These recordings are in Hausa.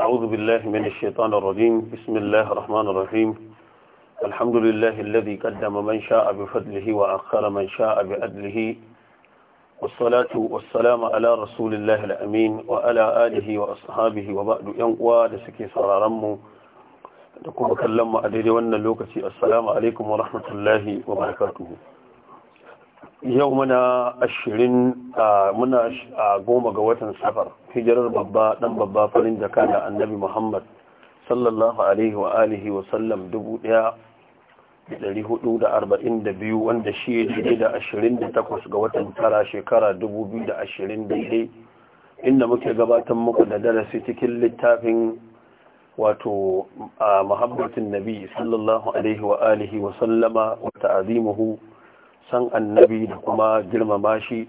أعوذ بالله من الشيطان الرجيم بسم الله الرحمن الرحيم الحمد لله الذي قدم من شاء بفضله وأخر من شاء بأدله والصلاة والسلام على رسول الله الأمين وعلى آله وأصحابه وبعد ينقوى لسكي صرارمه da kuma kallon mu a daidai wannan lokaci assalamu alaikum wa rahmatullahi wa barakatuhu yau muna ashirin a muna a goma ga watan safar hijirar babba dan babba farin jaka da annabi muhammad sallallahu alaihi wa alihi wa sallam dubu daya dari hudu da arba'in da biyu wanda shi ya jide da ashirin da takwas ga watan tara shekara dubu biyu da ashirin da daidai inda muke gabatan muku da darasi cikin littafin wato a muhabbatin nabi sallallahu alaihi wa alihi wa sallama wata azimuhu san annabi da kuma girmama shi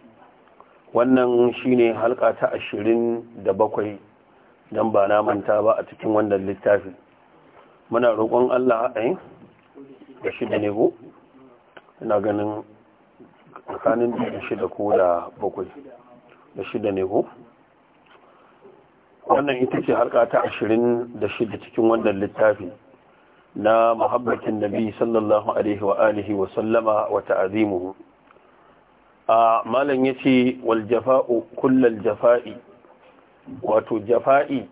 wannan shine halka ta ashirin da bakwai don ba na manta ba a cikin wannan littafi muna roƙon Allah a eh, da shida ne ko ina ganin tsakanin da shida ko da bakwai da shida ne ko wannan ita ce halka ta ashirin da shida cikin wannan littafi na muhabbatin nabi sallallahu alaihi wa alihi wa sallama wa ta'azimu. a malam yace wal jafa'u kullal jafa'i wato jafa'i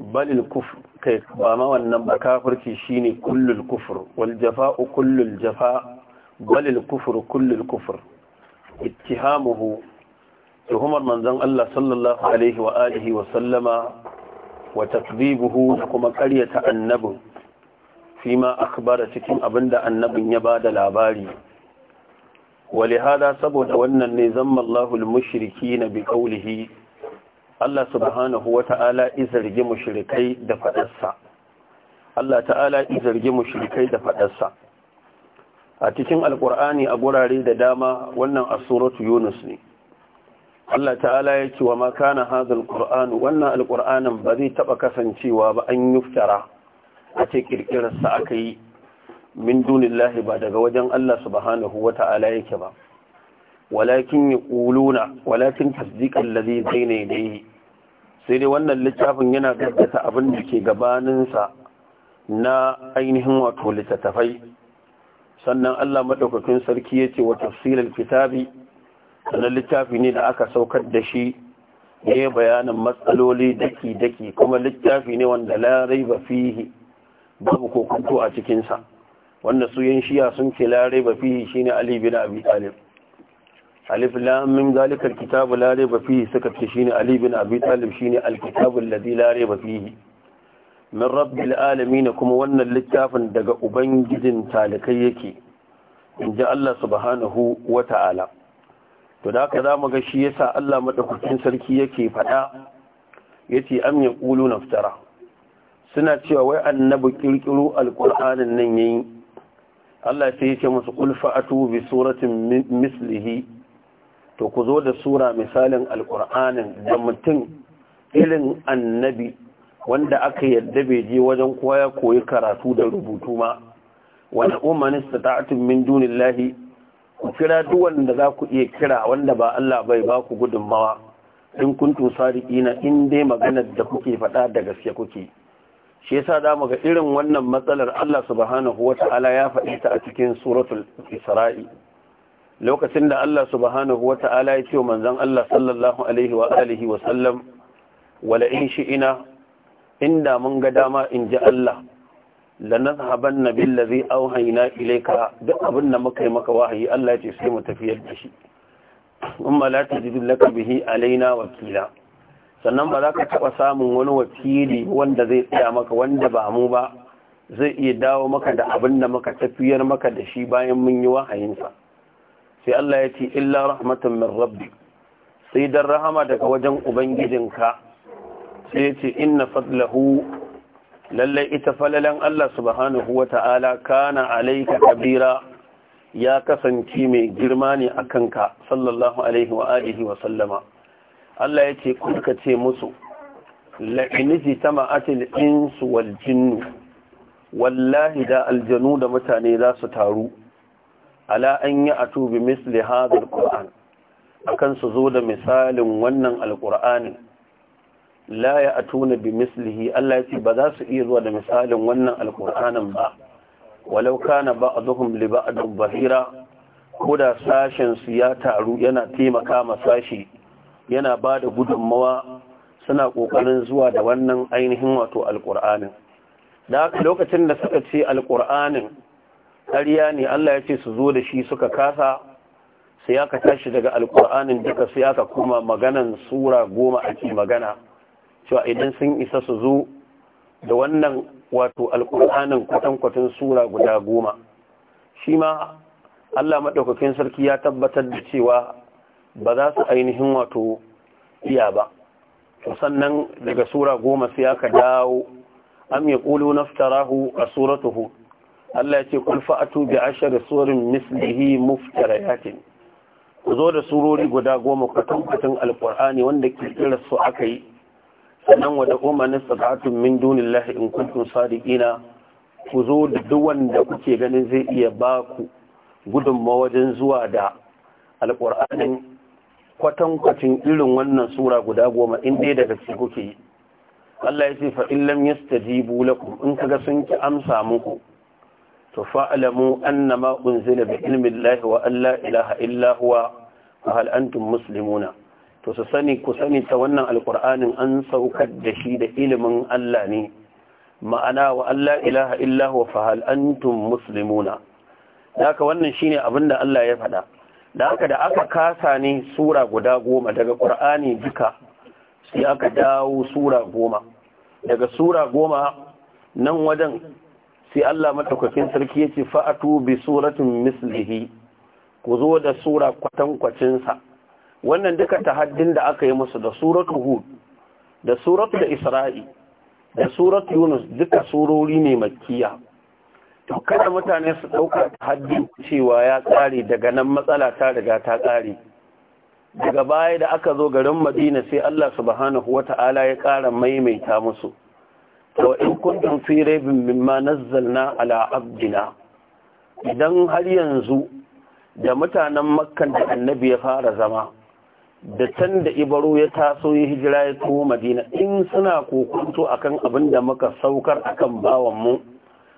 balil kufr kai ba ma wannan ba kafirci shine kullul kufr wal jafa'u kullul jafa balil kufr kullul kufr ittihamuhu tuhumar manzon Allah sallallahu alaihi wa alihi wa sallama wa takzibuhu da kuma ta annabin fima akbara cikin abinda annabin ya bada labari ولهذا saboda wannan ne zamma Allahul mushrikin bi qawlihi Allah subhanahu izargi mushrikai da fadarsa Allah ta'ala izargi mushrikai da fadarsa a cikin alqur'ani a gurare da dama wannan a suratu yunus ne Allah ta'ala ya ce wa ma na hadhal qur'an wannan alqur'anin ba zai taɓa kasancewa ba an yuftara a ce ƙirƙirarsa aka yi min dunillahi ba daga wajen Allah subhanahu wa ta'ala yake ba walakin ƙuluna. walakin tasdiqan ladhi bayna yadayhi sai dai wannan littafin yana gaggata abin da ke gabaninsa na ainihin wato littattafai sannan Allah maɗaukacin sarki ce wa tafsilal kitabi sannan littafi ne da aka saukar da shi ne bayanin matsaloli daki-daki kuma littafi ne wanda larai ba fihi babu kokonto a cikinsa wanda su yin shiya sun ce larai ba fihi shi ne alibi na abi talib alif lamin zalikar kitabu larai ba fihi suka ce shi ne alibi na abi talib shi ne alkitabun ladi larai ba fihi min rabbil ne kuma wannan littafin daga ubangijin talikai yake in ji Allah subhanahu wa ta'ala to da haka zamu ga shi yasa Allah madaukakin sarki yake faɗa yace am na naftara suna cewa wai annabi kirkiro alqur'anin nan yayi Allah sai yake musu qul fa'atu bi suratin mislihi to ku zo da sura misalin alqur'anin da mutum irin annabi wanda aka yadda bai je wajen kowa ya koyi karatu da rubutu ma wa umanis sata'atun min dunillahi ku kira duk wanda za ku iya kira wanda ba Allah bai ba ku gudunmawa in kuntu sadiqina in dai magana da kuke faɗa da gaske kuke shi yasa za mu ga irin wannan matsalar Allah subhanahu wata'ala ya faɗi ta a cikin suratul Isra'i lokacin da Allah subhanahu wata'ala ya ce manzon Allah sallallahu alaihi wa alihi wa sallam wala in shi'ina inda mun ga dama in ji Allah lanazhabanna billazi auhayna ilayka duk abin da muka yi maka wahayi Allah ya ce sai mu tafiyar da shi umma la tajidu laka bihi alaina wakila sannan ba za ka taba samun wani wakili wanda zai tsaya maka wanda ba mu ba zai iya dawo maka da abin da muka tafiyar maka da shi bayan mun yi wahayinsa sai Allah ya ce illa rahmatan min rabbi sai dan rahama daga wajen ubangijinka sai ya ce inna fadlahu lallai ita falalan Allah subhanahu wa ta'ala kana alaika kabira ya kasance mai girma ne a kanka sallallahu alaihi wa alihi wa sallama Allah ya ce kuka ce musu la'iniji ta ma'atil insu wal jinnu wallahi da aljanu da mutane za su taru ala an yi atu bi misli hadar qur'an akan su zo da misalin wannan alqur'anin la ya atuna bi mislihi Allah yace ba za su iya zuwa da misalin wannan alkur'anin ba walau kana ba'dhum li ba'd bahira koda sashen su ya taru yana taimaka ma sashi yana ba da gudunmawa suna kokarin zuwa da wannan ainihin wato alkur'anin da lokacin da suka ce alkur'anin ƙarya ne Allah ya ce su zo da shi suka kasa sai aka tashi daga alƙur'anin duka sai aka kuma maganan sura goma ake magana cewa idan sun isa su zo da wannan wato alƙur'anin kwatankwatan sura guda goma shi ma allah maɗaukakin sarki ya tabbatar da cewa ba za su ainihin wato iya ba sannan daga sura goma sai aka dawo am ya ƙulu naftarahu a suratuhu allah ya ce kulfa tubi a ashar surin mislihi muftarayatin ku zo da surori guda goma kwatankwatan alƙur'ani wanda ƙirƙirar su aka yi sannan wadda kuma kuma sakatun min dunillahi in kuntum sadiqina ku zo da duk wanda kuke ganin zai iya ba ku gudunmawa wajen zuwa da alƙur'anin kwatankwacin irin wannan sura guda goma in dai daga ci kuke yi Allah ya ce fa in lam yastajibu lakum in kaga sun ki amsa muku to fa'lamu annama unzila bi ilmi Allah wa alla ilaha illa huwa fa hal antum muslimuna to su sani ku sani ta wannan alkur'anin an saukar da shi da ilimin Allah ne ma'ana wa Allah ilaha illa wa fahal antum muslimuna haka wannan shine abin da Allah ya faɗa da haka da aka kasa ne sura guda goma daga ƙur'ani duka sai aka dawo sura goma daga sura goma nan wajen sai Allah maɗaukakin sarki ya ce fa'atu bi suratun mislihi ku zo da sura kwatankwacinsa wannan duka tahaddin da aka yi musu da suratul hud da da isra'i da surat yunus duka surori ne makkiya to kada mutane su dauka tahaddin cewa ya tsare daga nan matsala ta riga ta tsare, daga baya da aka zo garin madina sai Allah subhanahu wata'ala ya ƙara maimaita musu to in kuntum fi raibin mimma nazzalna ala abdina idan har yanzu da mutanen makkan da annabi ya fara zama da can da ibaru ya taso ya hijira ya tuwo madina in suna kokunto akan abin da muka saukar akan bawanmu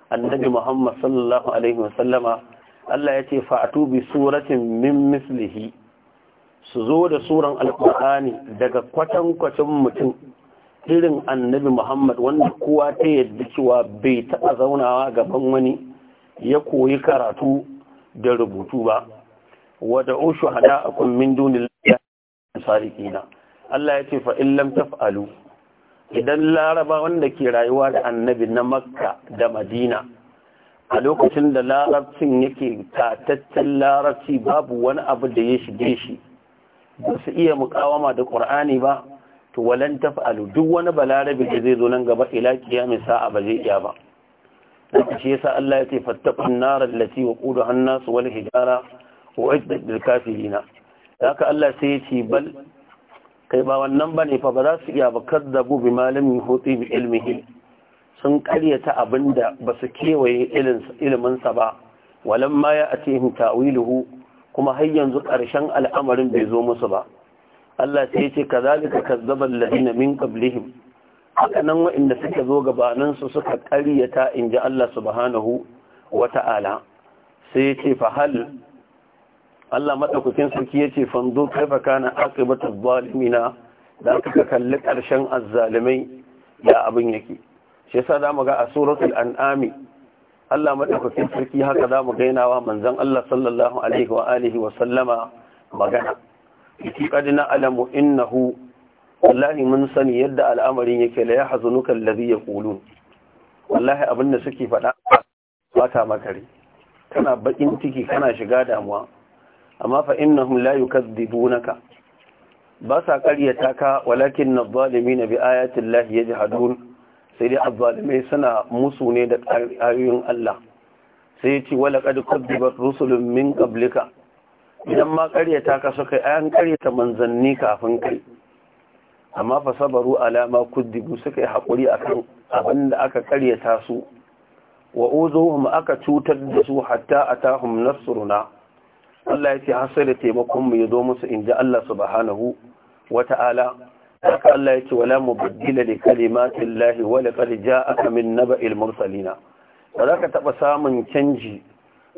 annabi muhammad sallallahu alaihi wasallama allah ya ce fa'atu bi suratin min mislihi su zo da suran alkur'ani daga kwatankwacin mutum irin annabi muhammad wanda kowa ta yadda cewa bai taɓa zaunawa gaban wani ya koyi karatu da rubutu ba wada ushu hada akun min dunin sadiqina Allah ya ce fa in lam taf'alu idan laraba wanda ke rayuwa da annabi na makka da madina a lokacin da larabcin yake tataccen larabci babu wani abu da ya shige shi ba su iya mukawama da qur'ani ba to walan taf'alu duk wani balarabi da zai zo nan gaba ila kiyami sa'a ba zai iya ba dan shi yasa Allah ya ce fattaqun narar lati wa ƙudu nas wal hijara wa lil kafirina haka Allah sai ya ce bal kai ba wannan bane fa ba za su iya ba kadzabu bi malamin hutu bi ilmihi sun karyata abinda ba su kewaye ilimin sa ba walamma ya atihim ta'wiluhu kuma har yanzu karshen al'amarin bai zo musu ba Allah sai ya ce kazalika kazzaba alladhina min qablihim haka nan waɗanda suka zo gabanin su suka karyata inji Allah subhanahu wata'ala sai ya ce fa hal Allah madaukakin sarki ya ce fanzo kaifa kana aqibatu zalimina da aka kalli ƙarshen azzalimai ya abin yake shi yasa zamu ga a suratul an'ami Allah madaukakin sarki haka zamu ga wa manzon Allah sallallahu alaihi wa alihi wa sallama magana ki na alamu innahu wallahi mun sani yadda al'amarin yake la yahzunuka ya yaqulun wallahi abin da suke faɗa ba ta makare kana bakin ciki kana shiga damuwa amma fa innahum la yukadzibunaka ba sa ƙaryata ka walakin na bi ayatin lahi ya jihadun sai dai azzalimai suna musu ne da ayoyin Allah sai ya ce wala kad kaddibat rusulun min qablika idan ma ƙaryata ka suka yi an ƙaryata manzanni kafin kai amma fa sabaru alama kuddibu suka yi haƙuri akan abin da aka ƙaryata su wa uzuhum aka cutar da su hatta a atahum nasuruna Allah ya ce hasai da taimakon mu ya zo musu in ji Allah subhanahu wa ta'ala haka Allah ya ce wala da li kalimatin lahi wa laqad ja'aka min naba'il mursalina ba za ka taba samun canji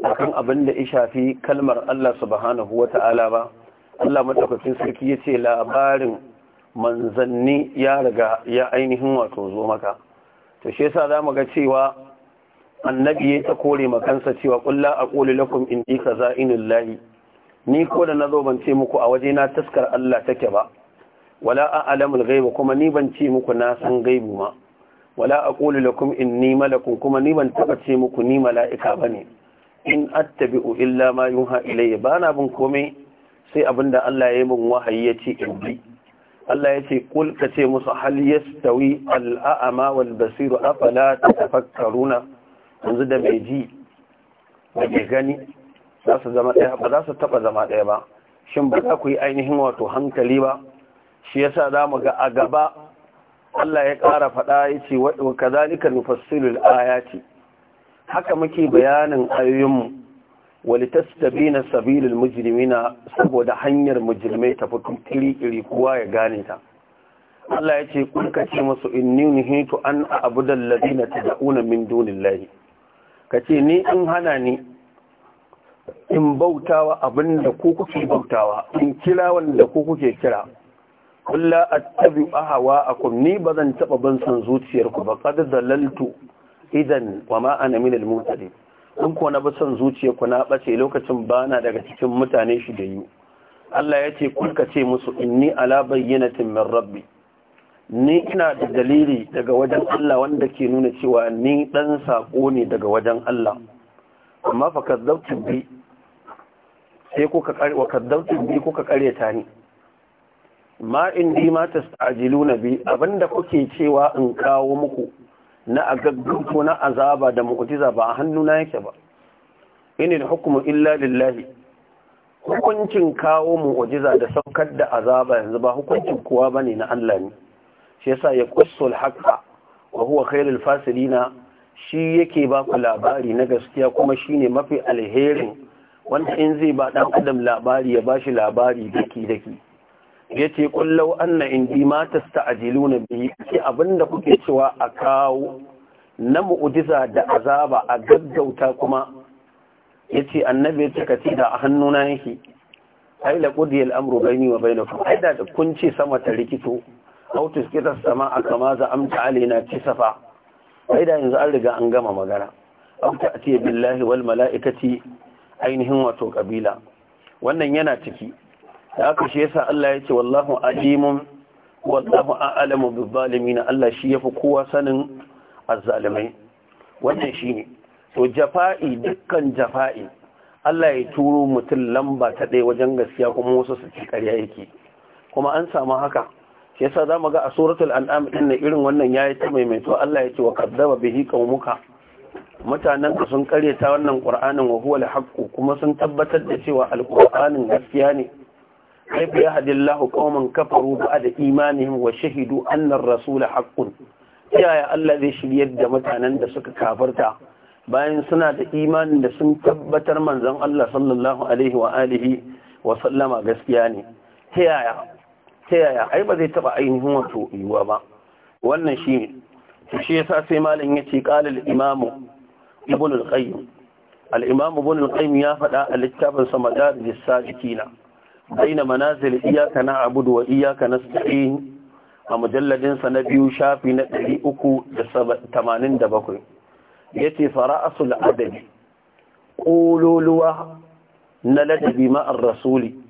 akan abin da ya shafi kalmar Allah subhanahu wa ta'ala ba Allah madaukakin sarki ya ce labarin manzanni ya riga ya ainihin wato zo maka to shi yasa zamu ga cewa annabi ya ta kore makansa cewa kulla a ƙoli lakum in ɗi ka za'inun lahi ni ko da na zo ban ce muku a waje na taskar Allah take ba wala a alamul kuma ni ban ce muku na san gaibu ma wala a ƙoli lakum in ni malakun kuma ni ban taɓa ce muku ni mala'ika ba ne in attabi'u illa ma yunha ilayya ba na bin komai sai abin da Allah ya yi min wahayi ya ce in bi Allah ya ce kul ka ce musu hal yastawi al a'ama wal basiru afala tatafakkaruna yanzu da mai ji da mai gani za su zama ɗaya ba za su taɓa zama ɗaya ba shin ba za ku yi ainihin wato hankali ba shi ya sa za mu ga a gaba Allah ya ƙara faɗa ya ce wa kazalika aya ce haka muke bayanin ayoyinmu sabilin mujirmi na saboda hanyar mujirmai ta fito iri iri kowa ya gane ta Allah ya ce kun ce musu inni nuhitu an abu ta ta una min dunillahi ka ce ni in hana ni in bautawa abin da ku kuke bautawa in kira wanda ku kuke kira kulla hawa ahawa akum ni bazan taba ban san zuciyar ku ba kada dalaltu idan wa ma ana min al mutadi in ko na bi san zuciyar ku na bace lokacin bana daga cikin mutane shi da yi Allah ya ce kulka ce musu inni ala bayyinatin min rabbi ni ina da dalili daga wajen Allah wanda ke nuna cewa ni dan sako ne daga wajen Allah amma fa kazzabtu bi sai kuka kare wa kazzabtu bi kuka ta ni ma indi ma tastajiluna bi abinda kuke cewa in kawo muku na agaggunto na azaba da mu'jiza ba a hannuna yake ba inil hukmu illa lillahi hukuncin kawo mu'jiza da saukar da azaba yanzu ba hukuncin kowa bane na Allah ne shi yasa ya qussul haka? wa huwa khairul fasilina shi yake ba ku labari na gaskiya kuma shine mafi alherin wanda in zai ba dan adam labari ya bashi labari daki daki yace kullau anna indi ma tasta'jiluna bihi ce abinda kuke cewa a kawo na mu'jiza da azaba a gaggauta kuma yace annabi ya ce da a hannuna yake ai la qudiyal amru baini wa bainakum aidan kun ce sama ta rikito aw tuskita sama a kama za'amta alaina kisafa sai da yanzu an riga an gama magana a ce billahi wal mala'ikati ainihin wato kabila wannan yana ciki da aka shi yasa Allah ya ce wallahu alimun wallahu a'lamu bil zalimin Allah shi yafi kowa sanin azzalimai wannan shine to jafa'i dukkan jafa'i Allah ya turo mutum lamba ta ɗaya wajen gaskiya kuma wasu su ci ƙarya yake kuma an samu haka yasa zamu ga a suratul an'am din ne irin wannan yayi ta maimaito Allah ce wa kadzaba bihi qaumuka mutanen ka sun ta wannan qur'anin wa huwa al kuma sun tabbatar da cewa al-qur'anin gaskiya ne kaifa yahdillahu qauman kafaru da imanihim wa shahidu anna ar-rasula haqqun yaya Allah zai shiryar da mutanen da suka kafarta bayan suna da imanin da sun tabbatar manzon Allah sallallahu alaihi wa alihi wa sallama gaskiya ne yaya ta yaya ai ba zai taba ainihin wato yiwuwa ba wannan shi ne shi yasa sai malam ya ce qala al-imamu ibn al-qayyim al-imamu ibn al-qayyim ya faɗa a littafin sa madarij as-salikina baina manazil iyyaka na'budu wa iyyaka nasta'in a mujalladin sa na biyu shafi na 387 yace fara'asul adabi qululuwa na ladabi ma'ar rasuli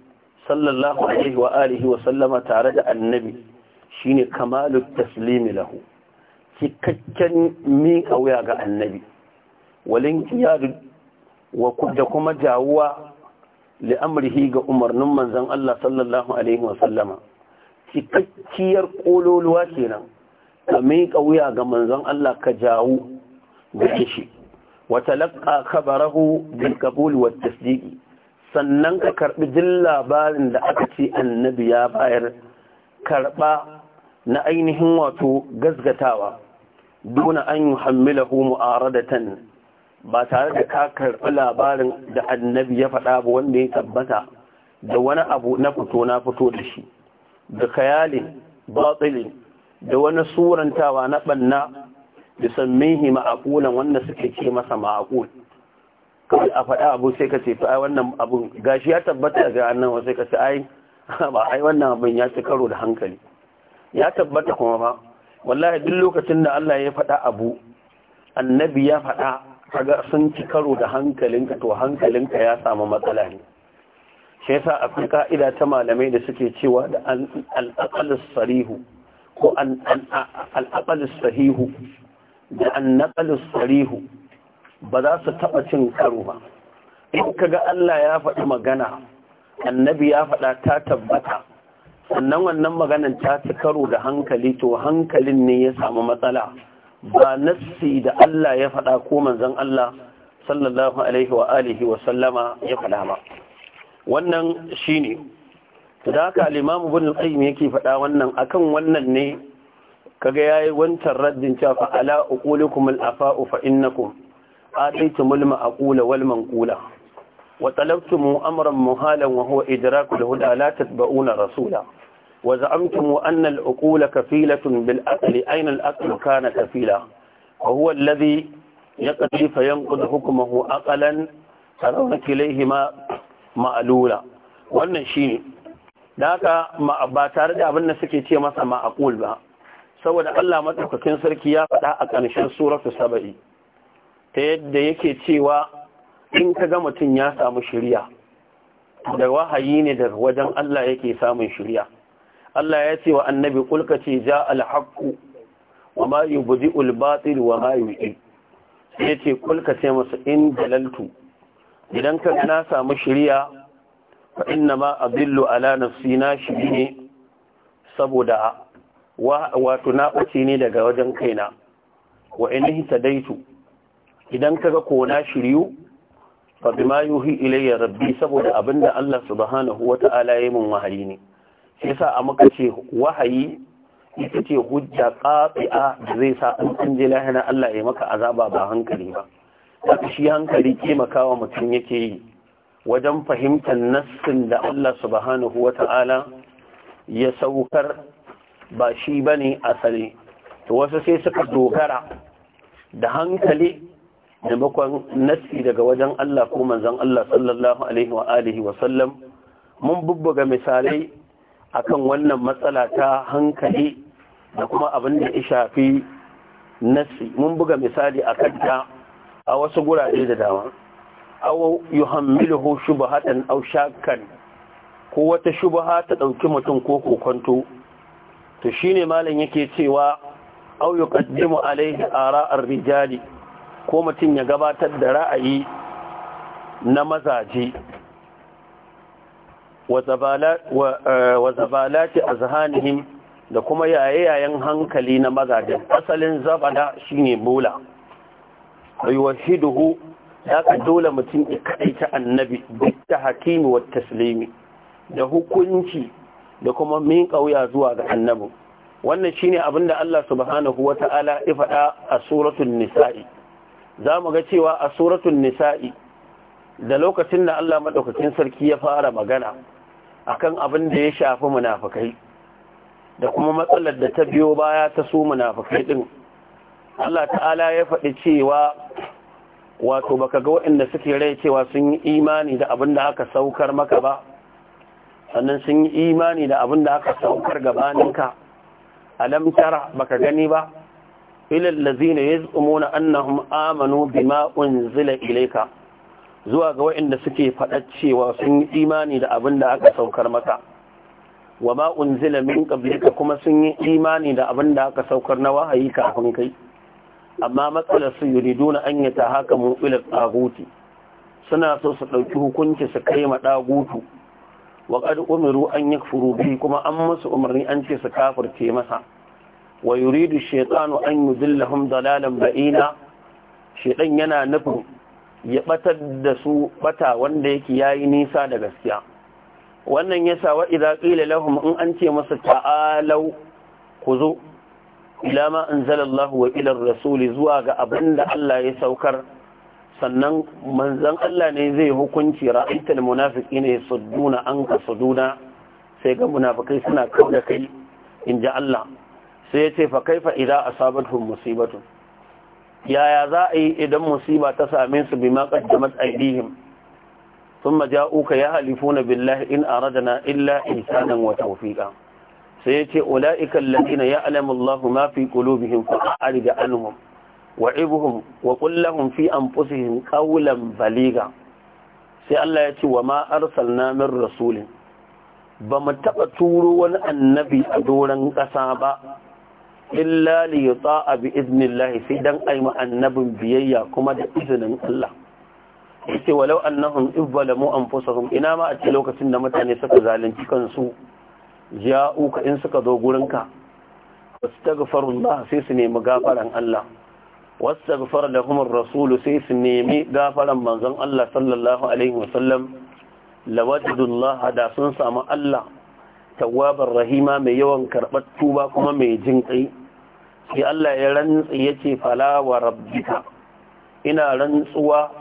sallallahu alaihi wa alihi wa sallama tare da annabi shine kamalu taslimi lahu cikakken mi wuya ga annabi walin kiyadu wa da kuma jawuwa amrihi ga umarnin manzon Allah sallallahu alaihi wa sallama cikakkiyar kololuwa kenan ka mi wuya ga manzon Allah ka jawu da shi wa talaqqa khabarahu bil qabul wat tasdiqi sannan ka karɓi jin labarin da aka ce annabi ya bayar karɓa na ainihin wato gazgatawa duna an yi hammilahu mu'aradatan ba tare da ka karɓi labarin da annabi ya faɗa ba wanda ya tabbata da wani abu na fito na fito da shi da khayalin batsilin da wani surantawa na banna da sammihi ma'akulan wanda suke ce masa ma'akul kawai a faɗa abu sai ka ce ai wannan abun gashi ya tabbata ga annabi sai ka ce ai ba ai wannan abin ya ci karo da hankali ya tabbata kuma ba wallahi duk lokacin da Allah ya faɗa abu annabi ya faɗa kaga sun ci karo da hankalinka to hankalinka ya samu matsala ne shi yasa akwai ka'ida ta malamai da suke cewa da al sarihu ko al sahihu da an sarihu ba za su taɓa cin karo ba in ka ga Allah ya faɗi magana annabi ya faɗa ta tabbata sannan wannan maganan ta ci karo da hankali to hankalin ne ya samu matsala ba nassi da Allah ya faɗa ko manzon Allah sallallahu alaihi wa alihi wa sallama ya faɗa ba wannan shine da haka al-Imam Ibn al-Qayyim yake faɗa wannan akan wannan ne kaga yayi wancan raddin cewa ala uqulukum al-afa'u fa innakum aɗaita mulma a ƙula walman ƙula wa talabtu mu'amuran muhalan wa huwa idraku da huda la tatba'una rasula wa za'amtu mu'anna al'uqula kafilatun bil aqli aina al aqlu kana kafila wa huwa alladhi yaqdi fa yanqud hukmuhu aqlan sarawna kilayhi ma ma'lula wannan shine da haka ma ba tare da abin da suke ce masa ma'qul ba saboda Allah madaukakin sarki ya faɗa a ƙarshen suratul sab'i ta yadda yake cewa in ka ga mutum ya samu shirya da wahayi ne daga wajen Allah yake samun shirya Allah ya ce wa annabi kulka ce ja alhaqqu wa ma yubdi'ul batil wa ma yu'i sai ce kulka ce masa in dalaltu idan ka na samu shirya fa inna ma adillu ala na ne saboda wato na ɓace ne daga wajen kaina wa in hita daitu idan kaga ko na shiryu fa bima yuhi ilayya rabbi saboda abinda Allah subhanahu wata'ala yayi mun wahayi ne shi yasa a muka ce wahayi ita ce hujja qati'a da zai sa an kanje lahana Allah ya maka azaba ba hankali ba haka shi hankali ke makawa mutum yake yi wajen fahimtar nassin da Allah subhanahu wata'ala ya saukar ba shi bane asali to wasu sai suka dogara da hankali maimakon nassi daga wajen Allah ko manzon Allah sallallahu alaihi wa alihi wa sallam mun bubbuga misalai akan wannan matsala ta hankali da kuma abin da ya shafi nassi mun buga misali akan ta a wasu gurare da dama aw yuhammiluhu shubhatan aw shakkan ko wata shubha ta dauki mutum ko kokonto to shine malam yake cewa aw yuqaddimu alaihi ara'ar rijali ko mutum ya gabatar da ra'ayi na mazaje wa eh, zabalati azhanihim da kuma yayayen hankali na mazajen asalin zabana shine bola bai ya ka dole mutum ya ta annabi duk da hakimi wa taslimi da hukunci da kuma min kauya zuwa ga Annabu. wannan shine abinda Allah subhanahu wa ta'ala faɗa a suratun nisa'i za mu ga cewa a suratun nisa'i da lokacin da Allah maɗaukakin sarki ya fara magana akan abin da ya shafi munafukai da kuma matsalar da ta biyo baya ta su munafukai ɗin Allah ta'ala ya faɗi cewa wato baka ga waɗanda suke rai cewa sun yi imani da abin da aka saukar maka ba sannan sun yi imani da abin da aka saukar gabaninka alam tara baka gani ba ilal lazina yazqumuna annahum amanu bima unzila ilayka zuwa ga waɗanda suke faɗa cewa sun yi imani da abin da aka saukar maka wa ma'un unzila min qablika kuma sun yi imani da abin da aka saukar na wahayi kafin kai amma matsalar su yuriduna an haka ila tsaguti suna so su ɗauki hukunci su kai ma ɗagutu wa qad an yi bi kuma an musu umarni an ce su kafirce masa wa yuridu shaytanu an yudillahum dalalan ba'ina shaytan yana nufin ya batar da su bata wanda yake yayi nisa da gaskiya wannan yasa wa idza qila lahum in an ce masa ta'alau kuzo ila ma anzalallahu wa ila rasuli zuwa ga abinda Allah ya saukar sannan manzon Allah ne zai hukunci ra'aytul munafiqina yasudduna anka suduna sai ga munafikai suna kauda kai inji Allah sai ya ce fa kaifa idza asabatuhum musibatun yaya za a yi idan musiba ta same su bima qaddamat aydihim ya halifu yahlifuna billahi in na illa ihsanan wa tawfiqan sai ya ce ula'ika alladhina ya'lamu Allahu ma fi qulubihim fa'arid anhum wa'ibuhum wa qul lahum fi anfusihim kawulan baliga sai Allah ya ce wa ma arsal min rasulin ba mu taɓa turo wani annabi a doron ƙasa ba illa li yuta'a bi idnillahi sai dan ayi annabin biyayya kuma da izinin Allah yace walau annahum izzalamu anfusahum ina ma a ce lokacin da mutane suka zalunci kansu ka in suka zo gurinka wastaghfirullah sai su nemi gafaran Allah wastaghfar lahum ar-rasul sai su nemi gafaran manzon Allah sallallahu alaihi wasallam da sun samu Allah tawwabar rahima mai yawan karɓar tuba kuma mai jin ƙai sai Allah ya rantsa ya ce wa rabbika ina rantsuwa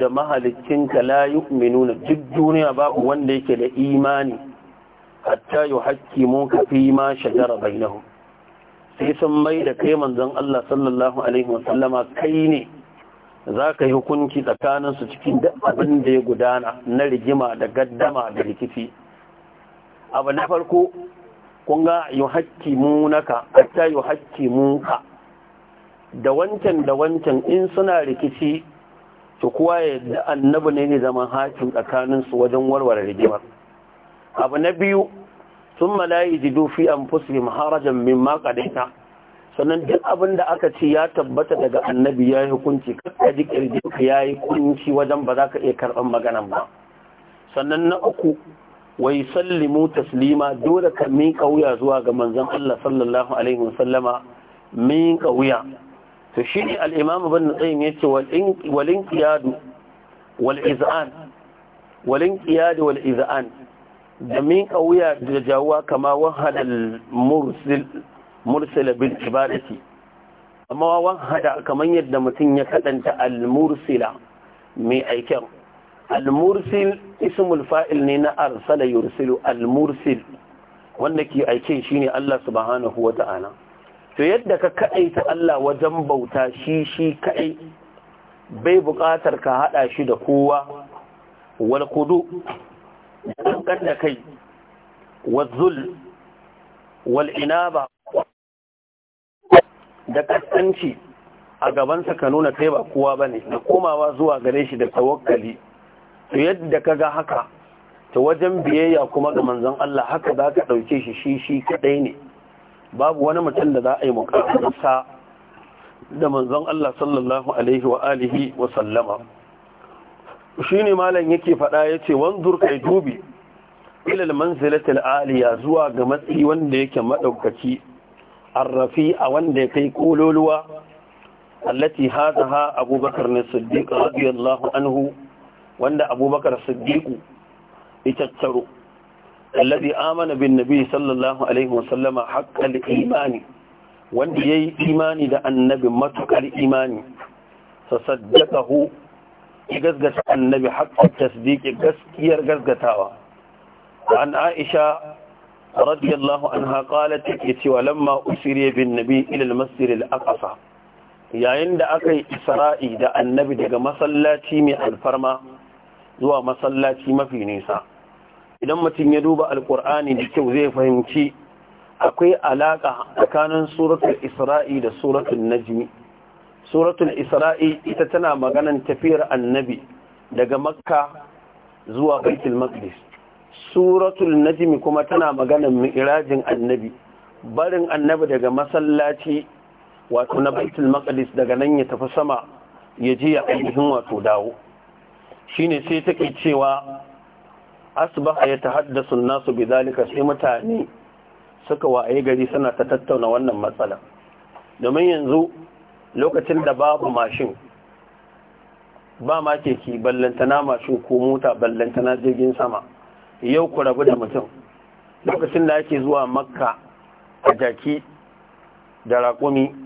da mahalicinka la na duk duniya babu wanda yake da imani hatta ka fi ma shajara bainahu sai sun mai da kai manzon Allah sallallahu alaihi wasallama kai ne zaka yi hukunci tsakanin su cikin duk abin da ya gudana na rigima da gaddama da rikici abu na farko kun ga yuhakkimunaka hatta ka. da wancan da wancan in suna rikici to kuwa yadda annabi ne ne zaman hakim tsakanin su wajen warware rigimar abu na biyu sun malayi jidu fi an fusli maharajan min makadaita sannan duk abin da aka ce ya tabbata daga annabi ya yi hukunci kakka ji kirjinka ya yi kunci wajen ba za ka iya karɓar magana ba sannan na uku wai sallimu taslima dole ka miƙa wuya zuwa ga manzon Allah sallallahu alaihi wasallama miƙa wuya to shi ne al-imam ibn ya ce walin inqiyadu wal walin wal inqiyadu da miƙa wuya da jawuwa kama wahada hada mursila bin ibadati amma hada kamar yadda mutum ya kadanta al-mursila mai aiken al-mursil ismul fa'il ne na arsala yursilu al-mursil wanda ke aike shine Allah subhanahu ta'ala to yadda ka kaɗaita Allah wajen bauta shi shi kaɗai bai buƙatar ka haɗa shi da kowa wal kudu ɗan da kai wal zul wal inaba da ƙasƙanci a gabansa ka nuna kai ba kowa ba ne da komawa zuwa gare shi da tawakkali to yadda ka ga haka ta wajen biyayya kuma ga manzon Allah haka za ka ɗauke shi shi shi kaɗai ne babu wani mutum da za a yi muƙasa da manzon Allah sallallahu alaihi wa alihi wa sallama shi ne malam yake faɗa ya ce wanzur kai dubi ilal manzilat aliya zuwa ga matsi wanda yake maɗaukaki arrafi a wanda ya kai kololuwa allati hadaha abubakar ne siddiq radiyallahu anhu wanda abubakar siddiqu ya tattaro alladhi amana bin nabi sallallahu alaihi wasallama haqqal imani wanda yayi imani da annabi matukar imani sa saddaqahu gasgata annabi haqqat tasdiqi gaskiyar gasgatawa an aisha radiyallahu anha qalat yace walamma usriya bin nabi ila al-masjid al-aqsa yayin da aka yi isra'i da annabi daga masallaci mai alfarma zuwa masallaci mafi nisa idan mutum ya duba alkur'ani da kyau zai fahimci akwai alaƙa tsakanin suratul isra'i da suratul najmi suratul isra'i ita tana maganan tafiyar annabi daga makka zuwa baitul maqdis suratul najmi kuma tana maganan mi'rajin annabi barin annabi daga masallaci wato na baitul maqdis daga nan ya tafi sama ya je ya ainihin wato dawo shine sai ta take cewa asbaha ya tahaddasu an-nasu bidhalika sai mutane suka waye gari suna ta tattauna wannan matsala domin yanzu lokacin da babu mashin ba ma keke ballantana mashin ko mota ballantana jirgin sama yau ku rabu da mutum lokacin da ake zuwa makka a jaki da raƙumi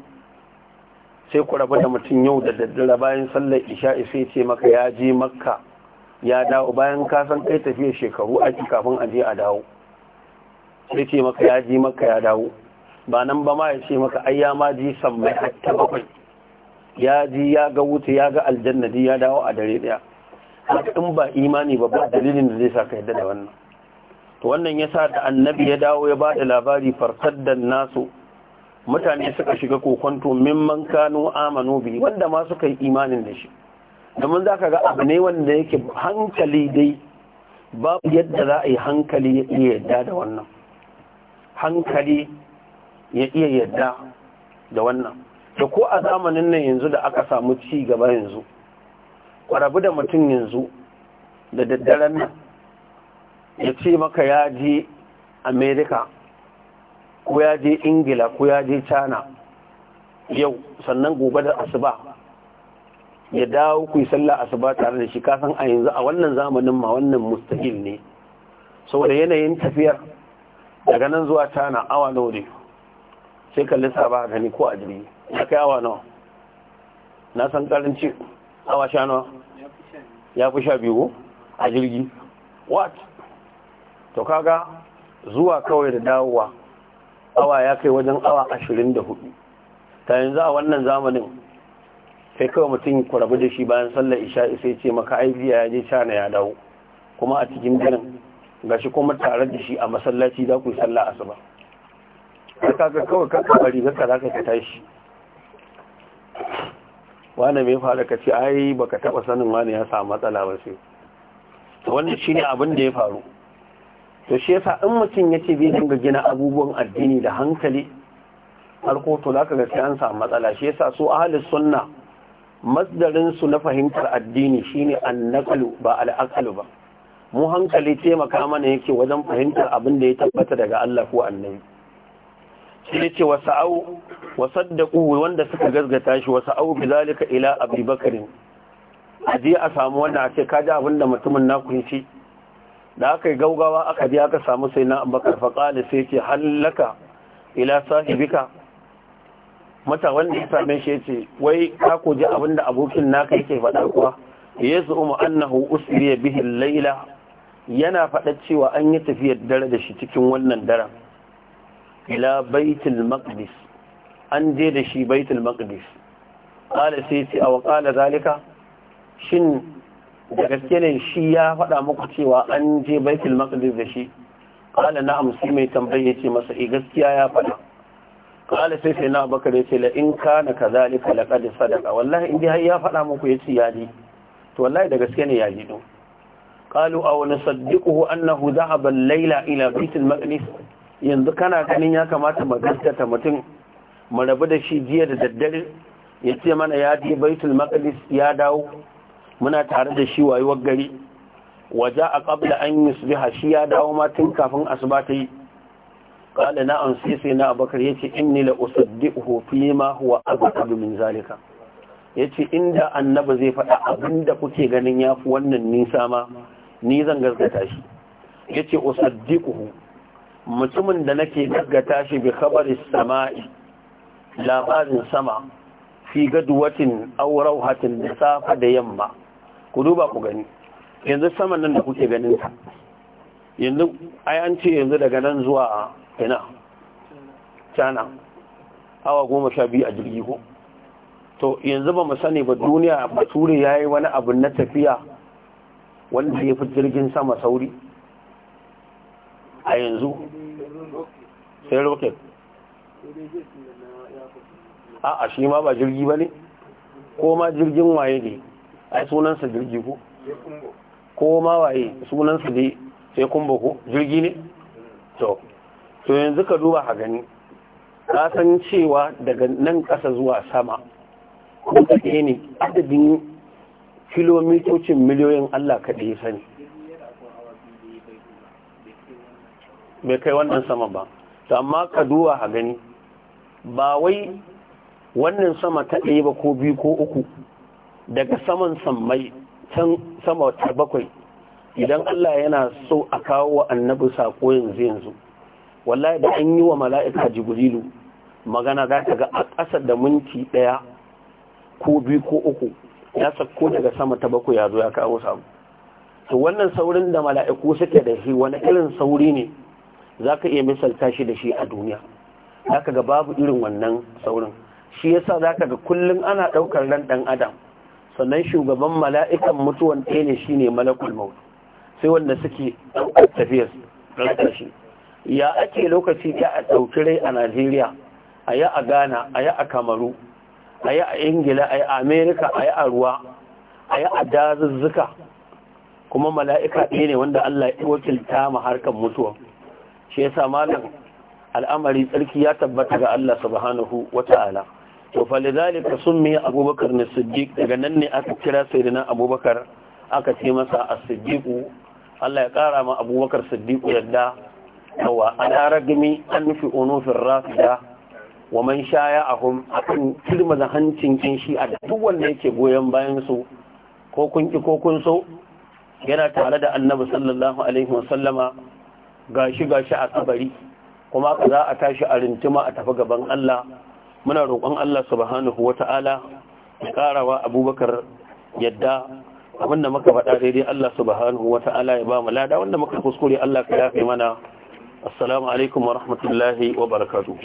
sai ku rabu da mutum yau da daddare bayan sallar isha'i sai ce maka ya je makka ya dawo bayan ka san kai tafiya shekaru aiki kafin a je a dawo sai ce maka ya je makka ya dawo ba nan ba ma ya ce maka ai ya ma ji mai hatta bakwai ya ji ya ga wuta ya ga aljannadi ya dawo a dare daya haka in ba imani ba ba dalilin da zai sa ka yadda da wannan to wannan yasa da annabi ya dawo ya ba da labari da nasu mutane suka shiga kokonto mimman kanu amanu bi wanda ma suka yi imanin da shi domin za ka ga abu ne wanda yake hankali dai babu yadda za a yi hankali ya iya yadda da wannan hankali ya iya yadda da wannan da ko a zamanin nan yanzu da aka samu ci gaba yanzu ƙwarabu da mutum yanzu da daddaren nan ya ce maka ya je amerika ko ya je ingila ko ya je china yau sannan gobe da asuba ya dawo ku yi sallah asuba tare da shi kasan a yanzu a wannan zamanin ma wannan mustahil ne saboda yanayin tafiyar daga nan zuwa china awa nawa ne sai kalli saba a gani ko a jirgi ya kai awa nawa na san karanci awa sha nawa ya fi sha biyu a jirgi what to kaga zuwa kawai da dawowa awa ya kai wajen awa ashirin da hudu ta yanzu a wannan zamanin kai kawai mutum ku rabu da shi bayan sallar isha sai ce maka aibiya ya je cana ya dawo kuma a cikin ga gashi kuma tare da shi a masallaci za ku yi sallah asuba kaga kawai ka bari zaka zaka ka tashi wani mai faru ka ce ai baka taba sanin wani ya samu matsala ba sai wannan shine abin da ya faru to shi yasa in mutum ya ce bai dinga gina abubuwan addini da hankali harkoto za ka ga sai an samu matsala shi yasa su ahalus sunna masdarin su na fahimtar addini shine annaqalu ba al'aqalu ba mu hankali taimaka mana yake wajen fahimtar abin da ya tabbata daga Allah ko annabi shi yace wasa'u wasaddaqu wanda suka gazgata shi wasa'u bizalika ila abubakarin aje a samu wannan a ce kaji abin da mutumin naku yi da aka yi gaugawa aka biya aka samu sai na abubakar faƙali sai ce hallaka ila sahibika mata wanda ya same shi ce wai ka ko ji abin da abokin naka yake faɗa kuwa yesu umu annahu usriya bihi laila yana faɗa cewa an yi tafiyar dare da shi cikin wannan daren ila baitul maqdis an je da shi baitul maqdis qala sai ce aw qala zalika shin da gaske ne shi ya faɗa muku cewa an je baitul maqdis da shi qala na'am amsi mai tambaye yace masa eh gaskiya ya faɗa qala sai sai na bakar yace la in kana kadhalika laqad sadaqa wallahi in dai ya faɗa muku yace ya ji to wallahi da gaske ne ya ji do qalu aw nasaddiquhu annahu dhahaba al-layla ila baitul maqdis yanzu kana ganin ya kamata mu gaskata mutum mu rabu da shi jiya da daddare yace mana ya je baitul maqdis ya dawo muna tare da shi wayewar gari waje a ƙabla an yi shi ya dawo ma kafin asuba ta yi ƙala na an sai sai na abakar ya ce in ni la usaddi hofi ma huwa azakabu min zalika ya ce inda annaba zai faɗa abinda kuke ganin ya fi wannan nisa ma ni zan gaskata shi ya ce usaddiquhu mutumin da nake gaskata shi bi khabari sama'i labarin sama fi gaduwatin aw rawhatin da safa da yamma ku duba ku gani yanzu saman nan da kuke ganin ta yanzu ai an ce yanzu daga nan zuwa ina cana awa goma sha biyu a jirgi ko to yanzu ba mu sani ba duniya ture ya yi wani abu na tafiya wanda ya fi jirgin sama sauri a yanzu sai rocket a a shi ma ba jirgi ba ne ko ma jirgin waye ne ai sunansa jirgi ko ko ma waye sunansa dai sai kumbo ko jirgi ne to to yanzu ka duba ha gani ka san cewa daga nan ƙasa zuwa sama ko ke ne adadin kilomitocin miliyoyin Allah dai sani bai kai wannan sama ba to amma ka duba ha gani ba wai wannan sama ta ɗaya ba ko biyu ko uku daga saman sammai can sama ta bakwai idan Allah yana so a kawo wa annabi sako yanzu yanzu wallahi da an yi wa mala'ika jibrilu magana za ta ga a ƙasa da minti ɗaya ko biyu ko uku ya sako daga sama ta bakwai ya zo ya kawo sabu to wannan saurin da mala'iku suke da shi wani irin sauri ne za ka iya misalta shi da shi a duniya za ka ga babu irin wannan saurin shi yasa za ka ga kullum ana ɗaukar ran ɗan adam sannan shugaban mala'ikan mutuwan ɗaya ne shine malakul maut sai wanda suke tafiyar shi ya ake lokaci ta a ɗauki rai a najeriya a yi a ghana a yi a kamaru a yi a ingila a yi a amerika a yi a ruwa a yi a dazuzzuka kuma mala'ika ɗaya wanda allah ya wakilta ma harkar mutuwa shi ya sa al'amari tsarki ya tabbata ga allah subhanahu wata'ala to falidhalika summiya abubakar na siddiq daga nan ne aka kira sayyidina abubakar aka ce masa as-siddiqu Allah ya kara ma abubakar siddiqu yadda wa ala ragmi an fi unufir rafida wa man shaya'ahum akan da hancin kin shi a duk wanda yake goyon bayan su ko kun ki ko kun so yana tare da annabi sallallahu alaihi sallama gashi gashi a kabari kuma za a tashi a rintuma a tafi gaban Allah muna roƙon Allah subhanahu wata'ala ya ƙarawa abubakar yadda abinda muka faɗa daidai Allah subhanahu wata'ala ya ba mu lada wanda muka kuskure Allah ka yafe mana assalamu alaikum wa rahmatullahi wa barakatuh